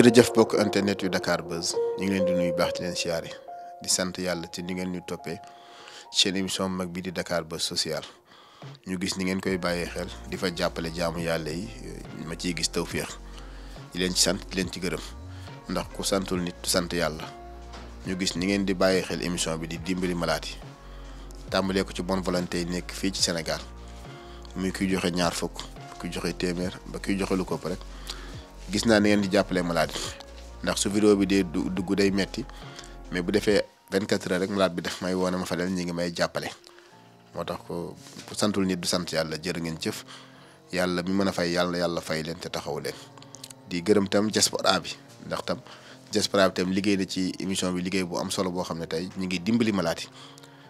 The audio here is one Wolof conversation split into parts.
jërëjëf bokk internet yu Dakar Buzz ñu ngi leen di nuyu baax di leen siyaare di sant yàlla ci ni ngeen ñu toppee seen émission mag bi di Dakar Buzz social ñu gis ni ngeen koy bàyyee xel di fa jàppale jaamu yàlla yi ma ciy gis tawféex di leen ci sant leen ci gërëm ndax ku santul nit sant yàlla ñu gis ni ngeen di bàyyee xel émission bi di dimbali malaati yi tàmbalee ko ci bonne volonté yi nekk fii ci senegal muy kuy joxe ñaar fukk kuy joxe téeméer ba kuy joxe lu ko rek. gis naa ne ngeen di jàppale malade ndax su vidéo bi dee dugg day metti mais bu defee vingt 24 heures rek malade bi def may woone ma fa leen ñi ngi may jàppale moo tax ko ku santul nit du sant yàlla jër ngeen jëf yàlla mi mën a fay yàlla yàlla fay leen te taxaw leen di gërëm tam diaspora bi ndax tam diaspora bi tam liggéey na ci émission bi liggéey bu am solo boo xam ne tey ñu ngi dimbali malade yi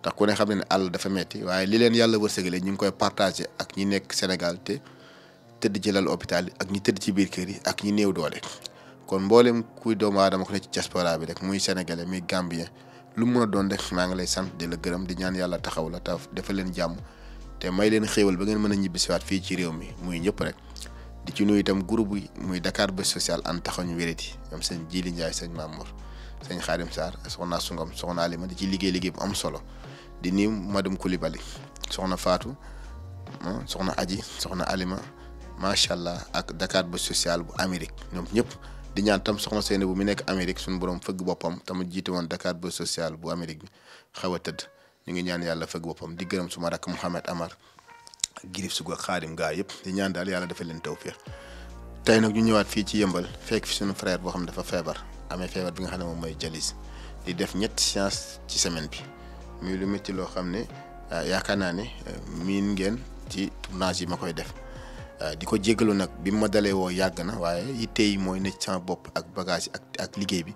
ndax ku ne xam ne ne àll dafa metti waaye li leen yàlla wërsëgale ñu ngi koy partagé ak ñi nekk Sénégal te tëdd ci lal hôpital yi ak ñi tëdd ci biir kër yi ak ñi néew doole kon mboolem kuy doomu aadama ko ne ci diaspora bi rek muy sénégalais muy gambien lu mu a doon rek maa ngi lay sant di la gërëm di ñaan yàlla taxaw la taaf defal leen jàmm te may leen xéewal ba ngeen mën a ñibbi ñibbisiwaat fii ci réew mi muy ñëpp rek di ci nuyu itam groupe yi muy dakaar ba Social and taxaw ñu wérati ñoom sëñ Jili Ndiaye sëñ Mamour sëñ Xaadim Sarr soxna Sungom soxna Alima di ci liggéey liggéey am solo di nuyu madame Coulibaly soxna Fatou ah, soxna Aji soxna Alima. macha allah ak Dakar ba social bu Amérique ñoom ñëpp di ñaan tam soxna seene bu mu nekk Amérique suñu borom fëgg boppam tamit jiite woon Dakar ba social bu Amérique bi xaw a tëdd ñu ngi ñaan yàlla fëgg boppam di gërëm suma rakk Mouhamed Amar ak Girif Sugu ak Xaadim gaa yëpp di ñaan daal yàlla defal leen tawféex tey nag ñu ñëwaat fii ci yëmbal fekk fi suñu frère boo xam ne dafa feebar amee feebar bi nga xam ne moom mooy jalis di def ñetti séance ci semaine bi muy lu métti loo xam ne ah, yaakaar naa ne euh, miin ngeen ci tournage yi ma koy def. Euh, di ko jéggalu nag bi mu ma dalee woo yàgg na waaye yitte yi mooy nekk sama bopp ak bagage ak ak liggéey bi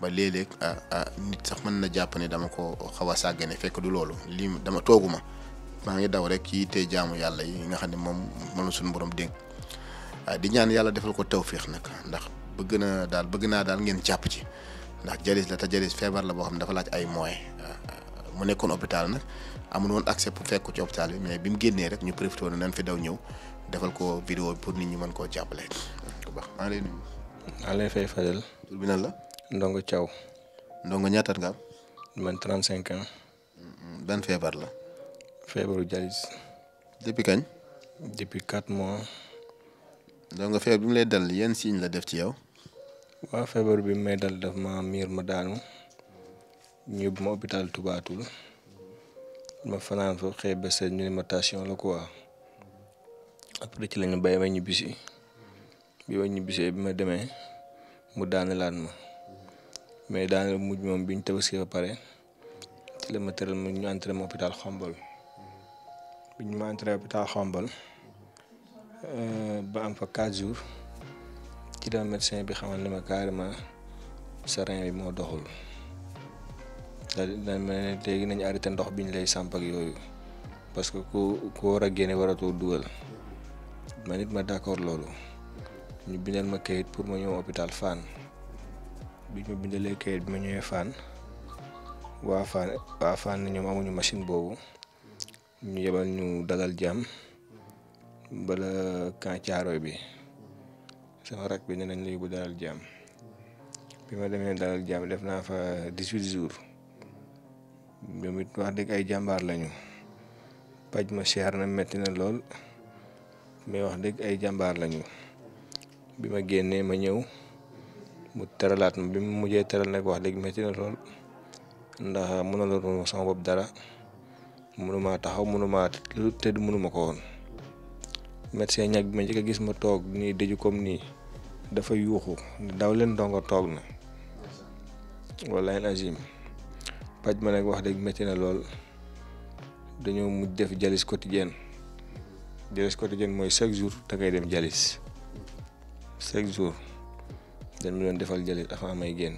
ba léeg-léeg euh, euh, nit sax mën na jàpp ni dama ko xaw a sàggane fekk du loolu lii dama toogu ma maa ngi daw rek ci yitte jaamu yàlla yi nga xam ne moom moom suñu borom dénk di ñaan yàlla defal ko tawféex nag ndax bëgg na daal bëgg naa daal ngeen jàpp ci ndax jalis la te jalis feebar la boo xam ne dafa laaj ay moyens mu nekkoon hôpital nag amul woon accès pour fekk ko ci hôpital bi mais bi mu génnee rek ñu profité woon nañ fi daw ñëw. defal ko vidéo bi pour nit ñi mën koo jàppale. bu baax maa ngi lay fay Fadel. la. Ndongo Thiaw. Ndongo ñaataat nga am. man 35 ans. ban feebar la. feebaru jalis. depuis kañ. depuis 4 mois. Ndongo feebar bi mu lay dal yan signe la def ci yow. waaw feebar bi may dal daf ma miir ma daanu ñu yóbbu ma hôpital Tubaatul ma fanaan fa xëy ba ñu ne ma tension la quoi. après ci lañu bàyyi ma ñibbisi bi ma ñibbisee bi ma demee mu daanelaat ma mais daaneel mujj moom bi ñu tabaski ba pare ci la ma tëral ma ñu entré xombal bi ñu ma entré xombal euh, ba am fa quatre jours ci la médecin bi xamal ne ma carrément sa rein bi moo doxul daal dañ ma ne léegi nañ arrêté ndox bi ñu lay samp ak yooyu parce que ku ku war a génne waratoo dugal ma nit ma d'accord loolu ñu bindal ma kayit pour ma ñëw hôpital Fann bi ñu bindalee kayit bi ma ñëwee Fann waa Fann waa Fann ñoom amuñu machine boobu ñu yebal ñu dalal jàmm bala camp bi sama rak bi ne nañ la yóbbu dalal jàmm bi ma demee dalal jàmm def naa fa dix-huit jour ñoom wax dëgg ay jàmbaar lañu paj ma cher na metti na lool. mais wax dégg ay jàmbaar lañu bi ma génnee ma ñëw mu teralaat ma bi mu mujjee teral nag wax dégg métti na lool ndax mënaloo sama bopp dara mënuma taxaw mënuma tëdd mënuma ko woon. médecin ma a gis ma toog nii dëju comme nii dafa yuuxu daw leen ndongo toog na wala en azim paj ma nag wax dëgg métti na lool dañoo mujj def jalis quotidienne. dialyse quotidienne mooy chaque jour da ngay dem jalis chaque jour dañ ma doon defal dialyse avant may génn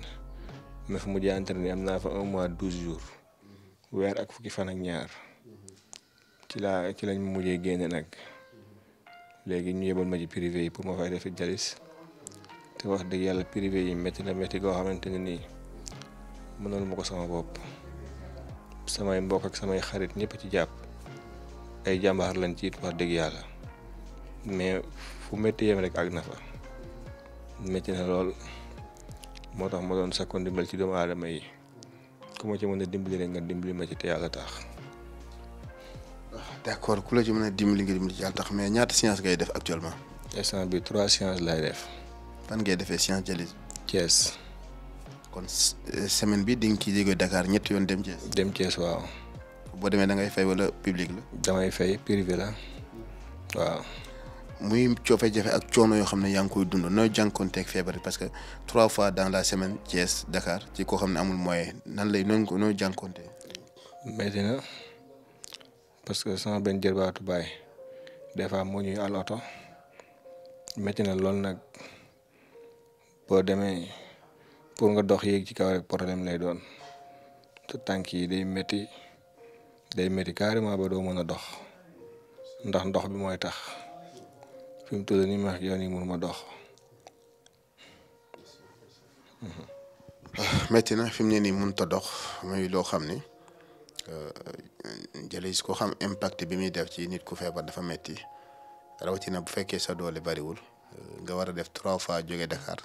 ma fa mujjee entraîné am naa fa un mois douze jours weer ak fukki fan ak ñaar ci laa ci lañ ma mujjee génne nag léegi ñu yebal ma ci privé yi pour ma fay def jalis te wax dëgg yàlla privé yi métti na métti koo xamante ne nii mënoon ma ko sama bopp samay mbokk ak samay xarit ñëpp ci jàpp. ay jàmbaar lañ ci it wax dëgg yàlla mais fu métti yem rek ak na fa métti na lool moo tax ma doon sakkoon dimbal ci doomu aadama yi ku ma ci mën a dimbali rek nga dimbali ma ci te yàlla tax. Ah, d'accord ku la ci mën a dimbali nga dimbali ci yàlla tax mais ñaata science ngay def actuellement. instant bi trois sciences lay def. fan ngay defee science dialyse. Thiès. kon euh, semaine bi di nga ciy dakaar ñetti yoon dem Thiès. dem Thiès waaw. boo demee da ngay fay wala public la. damay fay privé la waaw. muy coofe-jafe ak coono yoo xam ne yaa ngi koy dund nooy jànkoonteeg feebar parce que trois fois dans la semaine Thiès Dakar ci koo xam ne amul moyen nan lay noonu nooy jànkoonte. na que sama benn jërbaatu baay fois moo ñuy àll oto métti na lool nag boo demee pour nga dox yéeg ci kaw rek problème lay doon te tànk yi day métti. day métti carrément ba doo mën a dox ndax ndox bi mooy tax fi mu toll nii ma wax yow nii mënuma dox. Mm-hmm. metti na fi mu ne nii mënut a dox muy loo xam ne euh, jëlee ko xam impact bi muy def ci nit ku feebar dafa métti rawatina bu fekkee sa doole bariwul euh, nga war a def trois fois jóge Dakar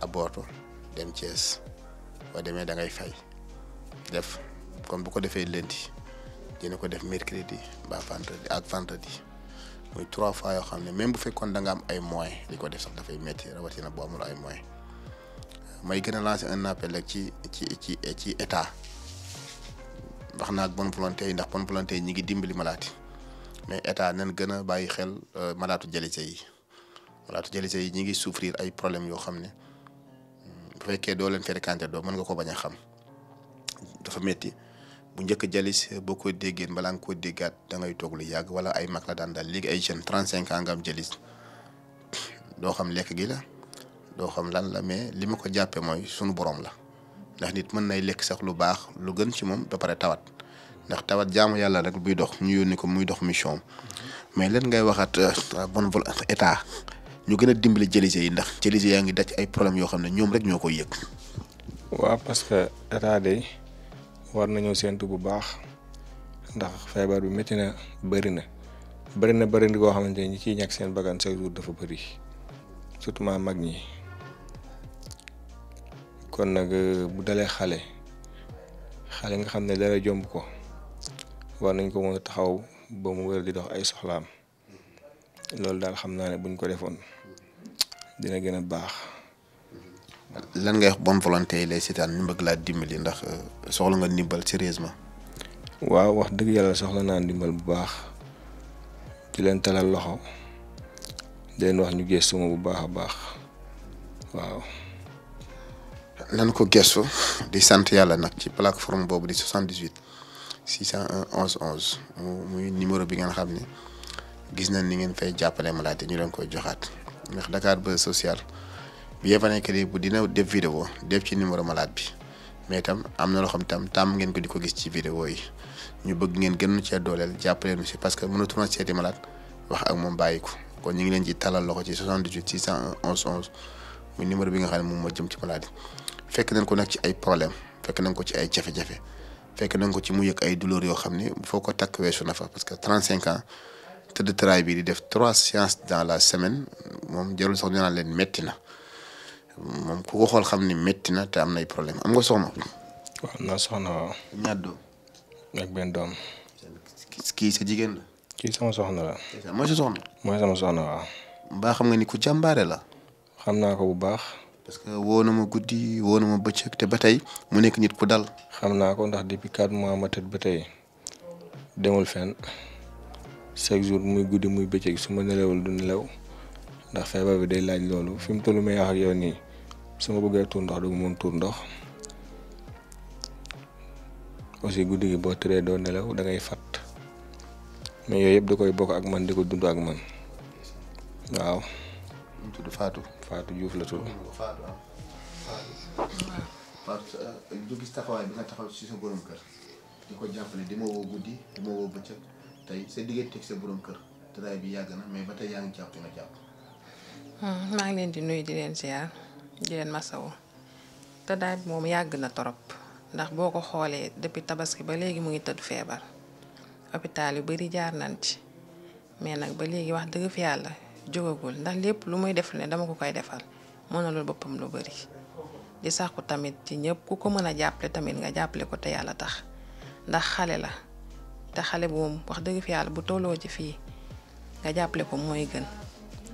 aborto dem Thiès boo demee da ngay fay def kon bu ko defee lenti dina ko def mercredi ba vendredi ak vendredi muy trois fois yoo xam ne même bu fekkoon da nga am ay moyens di ko def sax dafay métti rawatina boo amul ay moyens may gën a lancer en appel rek ci ci ci ci état wax naa ak bonne volonté yi ndax bon volonté yi ñi ngi dimbali malaati mais état nañ gën a bàyyi xel euh, malaatu jalise yi malaatu jalise yi ñi ngi souffrir ay problèmes yoo xam ne hmm, bu fekkee doo leen fréquenter doo mën nga ko bañ a xam dafa métti. bu njëkk jalis boo ko déggeen balaa nga koo déggaat da ngay toog lu yàgg wala ay mag la daan daal léegi ay jeunes 35 ans nga am doo xam lekk gi la doo xam lan la mais li ma ko jàppee mooy sunu boroom la ndax nit mën nay lekk sax lu baax lu gën ci moom ba pare tawat ndax tawat jaamu yàlla rek buy dox ñu yónni ko muy dox mission mais leen ngay waxaat euh, bon volonté état ñu gën a dimbali jëlise yi ndax jëlise yaa ngi daj ay problème yoo xam ne ñoom rek ñoo koy yëg. war nañoo séentu bu baax ndax feebar bi métti na bëri na bëri na bëri na koo xamante ni ñi ciy ñàkk seen bakkan chaque jour dafa bëri surtout ma mag ñi kon nag euh, bu dalee xale xale nga xam ne dara jomb ko war nañ ko mën a taxaw ba mu wër di dox ay soxlaam loolu daal xam naa ne buñ ko defoon dina gën a baax. lan ngay wax bonne volonté yi lay seetaan ñu bëgg laa dimbali ndax euh, soxla nga ndimbal sérieusement. waaw wax dëgg yàlla soxla naa ndimbal bu baax ci leen talal loxo leen wax ñu gëstu bu baax a baax waaw. nan ko gëstu di sant yàlla nag ci plateforme boobu di 78 601 11 11 muy numéro bi ngeen xam ni gis nañ ni ngeen fay jàppale malade ñu leen koy joxaat ndax Dakar Buzz social. bien vrai que bu dina def vidéo def ci numéro malade bi mais tam am na loo xam tam tàmm ngeen ko di ko gis ci vidéo yi ñu bëgg ngeen gën cee dooleel jàppale nu si parce que mënatuma seeti malade wax ak moom bàyyi ko kon ñu ngi leen ci talal loxo ci 78 611 11 muy numéro bi nga xam ne moom moo jëm ci malade fekk nañ ko nag ci ay problème fekk nañ ko ci ay jafe-jafe fekk nañ ko ci mu yëg ay douleur yoo xam ne foo ko takk weesu na fa parce que 35 ans tëdd tëraay bi di def trois séances dans la semaine moom jarul sax ñu leen metti na. moom ku ko xool xam ni métti na te am nay problème am nga soxna. waaw am soxna waaw. ñaar doom. ak benn doom. kii sa jigéen la. kii sama soxna la. mooy sa soxna. mooy sama soxna waaw. mbaa xam nga ni ku jàmbaare la. xam naa ko bu baax. parce que woo na ma guddi woo na ma bëccëg te ba tey mu nekk nit ku dal. xam naa ko ndax depuis quatre mois ma tëdd ba tey demul feen chaque jour muy guddi muy bëccëg su ma nelawul du nelaw ndax feebar bi day laaj loolu fi mu toll may wax nii su ma bëggee tuur ndox du ma mun tuur ndox aussi guddi boo tëree doo nelaw dangay fat fàtt mais yooyu yëpp da koy bokk ak man di ko dund ak man waaw. mu tudd Fatou. Fatou Diouf la tudd. Fatou euh, bi sa borom kër di ko jàppale di ma woo guddi di ma woo bëccëg tey sa digganteeg sa borom kër tëraay bi yàgg na mais ba tey yaa jàpp nga jàpp. Hmm, maa ngi leen di nuyu di leen ziar. di leen masawu te daay moom yàgg na torop ndax boo ko xoolee depuis tabaski ba léegi mu ngi tëdd feebar hôpital yu bari jaar nañ ci mais nag ba léegi wax dëgg fi yàlla jógagul ndax lépp lu muy def ne dama ko koy defal mënalul boppam lu bari di sàkku tamit ci ñëpp ku ko mën a jàppale tamit nga jàppale ko te yàlla tax ndax xale la te xale bu moom wax dëgg fi yàlla bu tolloo ci fii nga jàppale ko mooy gën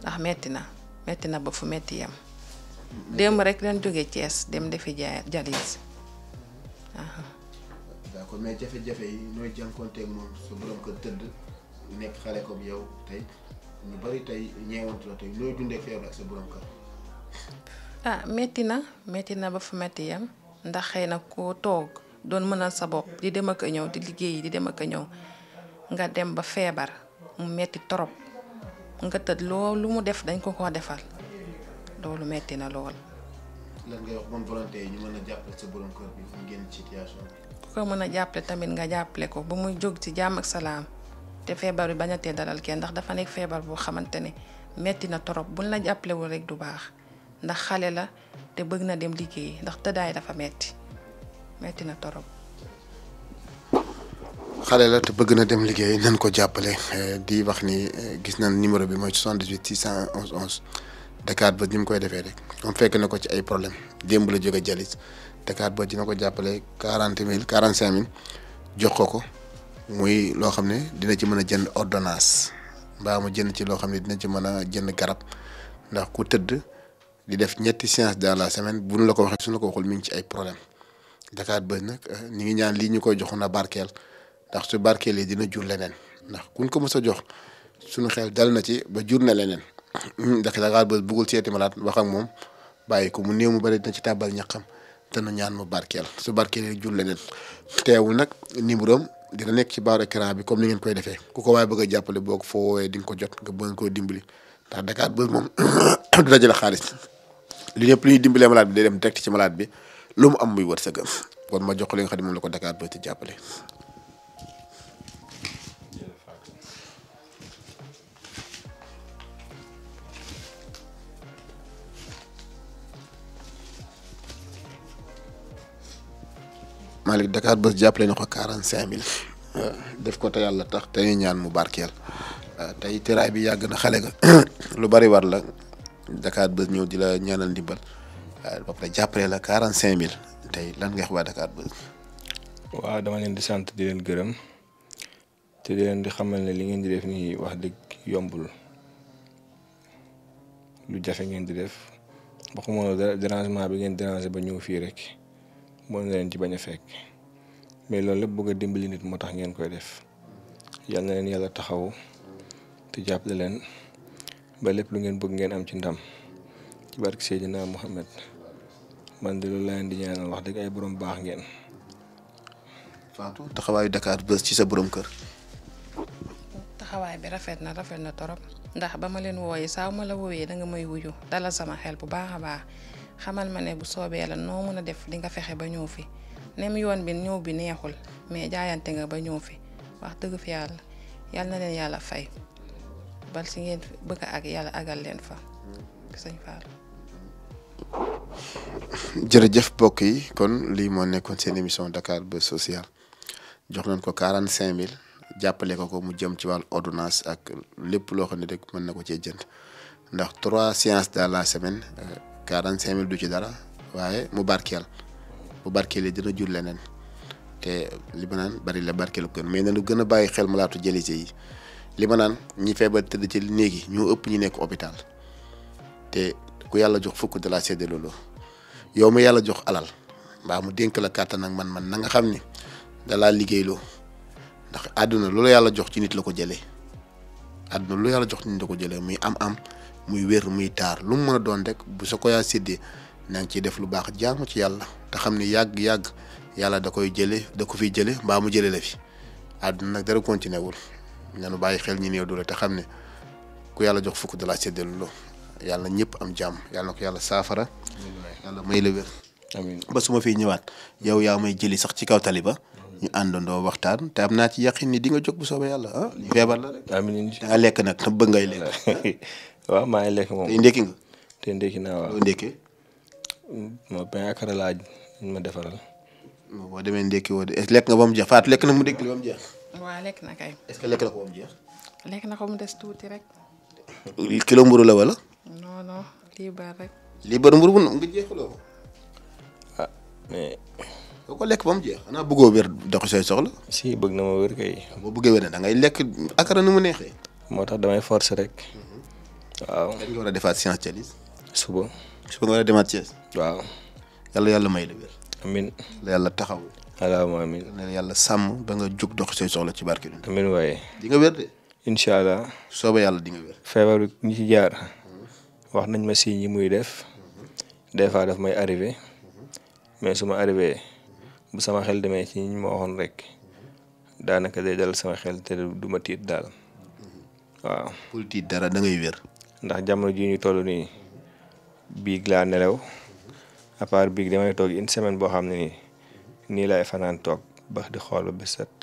ndax metti na metti na ba fu metti yem démb rek lañ jógee cees dem defi jaay jalis. d'accord mais jafe-jafe yi nooy jànkuwanteeg moom sa borom kër tëdd nekk xale comme yow tey ñu bari tey ñeewante la tey nooy dundee feebar sa borom kër. ah na metti na ba fu metti yam ndax xëy na koo toog doon mënal sa bopp di dem ak a ñëw di liggéeyi di dem ak a ñëw nga dem ba feebar mu metti torop nga tëdd loolu mu def dañ ko ko defal. loolu metti na lool. lan ngay wax bonne mën a jàppale tamit nga jàppale ko ba muy jóg ci jàmm ak salaam te feebar bi bañ tee dalal kenn ndax dafa nekk feebar boo xamante ne metti na torop buñ la jàppalewul rek du baax ndax xale la te bëgg na dem liggéey ndax tëddaay dafa metti metti na torop. xale la te bëgg na dem liggéey nañ ko jàppale eh, di wax ni eh, gis nañ numéro bi mooy 78 611 11. Dakar ba ni mu koy defee rek comme fekk na ko ci ay problème démb la jóge jalis Dakar ba dina ko jàppale quarante mille quarante cinq mille jox ko ko muy loo xam ne dina ci mën a jënd ordonnance mbaa mu jënd ci loo xam ne dina ci mën a jënd garab ndax ku tëdd di def ñetti séance dans la semaine buñ la ko waxee su la ko waxul mi ngi ci ay problème Dakar ba nag eh, ñu ngi ñaan lii ñu koy joxoon a barkeel ndax su barkeel yi dina jur leneen ndax kuñ ko mës a jox nu xel dal na ci ba jur na leneen. ndax Dakar Buzz bëggul seeti malaat wax ak moom bàyyi ko mu néew mu bëri dina ci tàbbal ñaqam dana ñaan mu barkeel su barkeelee jur leneen teewul nag numéro dina nekk ci baaru écran bi comme ni ngeen koy defee ku ko waaye bëgg a jàppale boo ko foo woowee di nga ko jot nga bëgg koo dimbali ndax Dakar Buzz moom du dajale xaalis li ñëpp li ñuy dimbalee malaat bi day dem direct ci malaat bi lu mu am muy wërsëgam kon ma jox li nga xam ne moom la ko Dakar Buzz di jàppale. Malick Dakar Buzz jàppale na ko quarante cinq mille euh, def ko te yàlla tax te ñaan mu barkeel euh, tey teraay bi yàgg na xale nga lu bari war la Dakar Buzz ñëw di la ñaanal ndimbal euh, ba pare jàppale la quarante cinq mille tey lan nga waa Dakar Buzz. dama leen di sant di leen gërëm te di leen di xamal ne li ngeen di def nii wax dëgg yombul lu jafe ngeen di def waxuma dérangement bi ngeen déranger ba ñëw fii rek. mën na leen ci bañ a fekk mais loolu lépp bëgg a dimbali nit moo tax ngeen koy def yal leen yàlla taxaw te jàppale leen ba lépp lu ngeen bëgg ngeen am ci ndam ci barke Seydina Muhammad man de loolu laa leen di ñaanal wax dëgg ay borom baax ngeen. Fatou taxawaayu Dakar Buzz ci sa borom kër. taxawaay bi rafet na rafet na torop ndax ba ma leen wooyee saa ma la wooyee da nga may wuyu sama xel bu baax a baax. xamal ma ne bu soobee la noo mën a def di nga fexe ba ñëw fi nem yoon bi ñëw bi neexul mais jaayante nga ba ñëw fi wax dëgg fi yàlla na leen yàlla fay bal bëgg ak yàlla agal leen fa sëñ Fall. kon lii moo nekkoon seen émission Dakar Buzz Social jox nañ ko mille jàppale ko ko mu jëm ci wàllu ordonnance ak lépp loo xam ne rek mën na ko cee jënd ndax trois séances dans la semaine. Euh, quarante cinq mille du ci dara waaye mu barkeel bu barkeelee dina jur leneen te li ma naan bari la barkeelu ko mais nañu gën a bàyyi xel laatu dialysé yi li ma naan ñi feebar tëdd ci néeg yi ñoo ëpp ñu nekk hôpital te ku yàlla jox fukk de la loolu yow mi yàlla jox alal mbaa mu dénk la kàttan ak man-man na nga xam ni dalaa liggéeyloo ndax àdduna lu yàlla jox ci nit la ko jëlee àdduna lu yàlla jox ci nit la ko jëlee muy am-am. muy wér muy taar lu mu mën a doon rek bu sa ko yaa séddee na nga ciy def lu baax jaamu ci yàlla te xam ni yàgg yàgg yàlla da koy jëlee da ko fiy jële mbaa mu jëlee la fi àdduna nag dara continué wul nanu bàyyi xel ñu néew doole te xam ne ku yàlla jox fukk dalaa séddale loo yàlla ñëpp am jàmm yàlla ko yàlla saafara. yàlla may la wér. ba su ma fiy ñëwaat yow yaa may jëli sax ci kaw tali ba. ñu àndandoo waxtaan te am naa ci yaqin ni di nga jóg bu soobee yàlla ah. feebar la rek lekk nag te bëgg ngay lekk. waaw maa ngi lekk moom tey ndekki nga. tey ndekki naa waaw loo ndekkee. Mm, ma pain ak laaj ma defaral. boo demee ndekki woo de est lekk nga ba mu jeex Fatou lekk na mu ndekki ba mu jeex. lekk na kay. est ce que lekk na ko mu jeex. lekk na des tuuti rek. kilo mburu la wala. non non lii bari rek. lii ah, mais. boo ko lekk ba xanaa bëggoo wér doxi soxla. si bëgg na ma wér kay. boo bëggee wér da ngay lekk akara ni mu neexee. moo tax damay forcer rek. waaw dañu war a defaat science Thialis. suba. suba nga war a demaat waaw. yàlla yàlla may la wér. amiin la yàlla taxaw. allahumma amiin ne la yàlla sàmm ba nga jóg dox say soxla ci barke bi. amiin waaye. di nga wér de. incha allah. sooba yàlla di nga wér. feebar ci jaar. wax nañ ma signes yi muy def. des fois daf may arrivé. mais su ma arrivé. bu sama xel demee ci ñi ma waxoon rek. daanaka day dal sama xel te du ma tiit daal. waaw. bul tiit dara da ngay wér. ndax jamono ji ñu toll nii biig laa nelaw à part biig damay toog une semaine boo xam ne nii lay fanaan toog ba di xool ba bés set.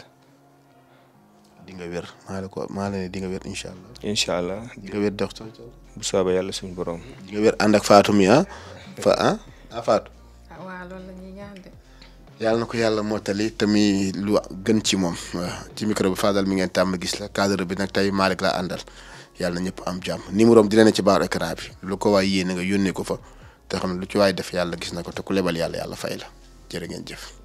di nga wér ko maa ne di nga wér incha allah. incha allah di nga wér bu soobee yàlla suñu boroom di nga wér ànd ak Fatou mi ah. fa ah? Ah, ah, yàlla na ko yàlla mottali te muy lu gën ci moom ci micro bi Fadal mi ngeen tàmm gis la cadre bi nag tey Malick laa àndal. yàlla na ñëpp am jàmm numéro am dina ne ci baaru écran lu ko waay yéene nga yónnee ko fa te xam lu ci waay def yàlla gis na ko te ku lebal yàlla yàlla fay la jërë ngeen jëf.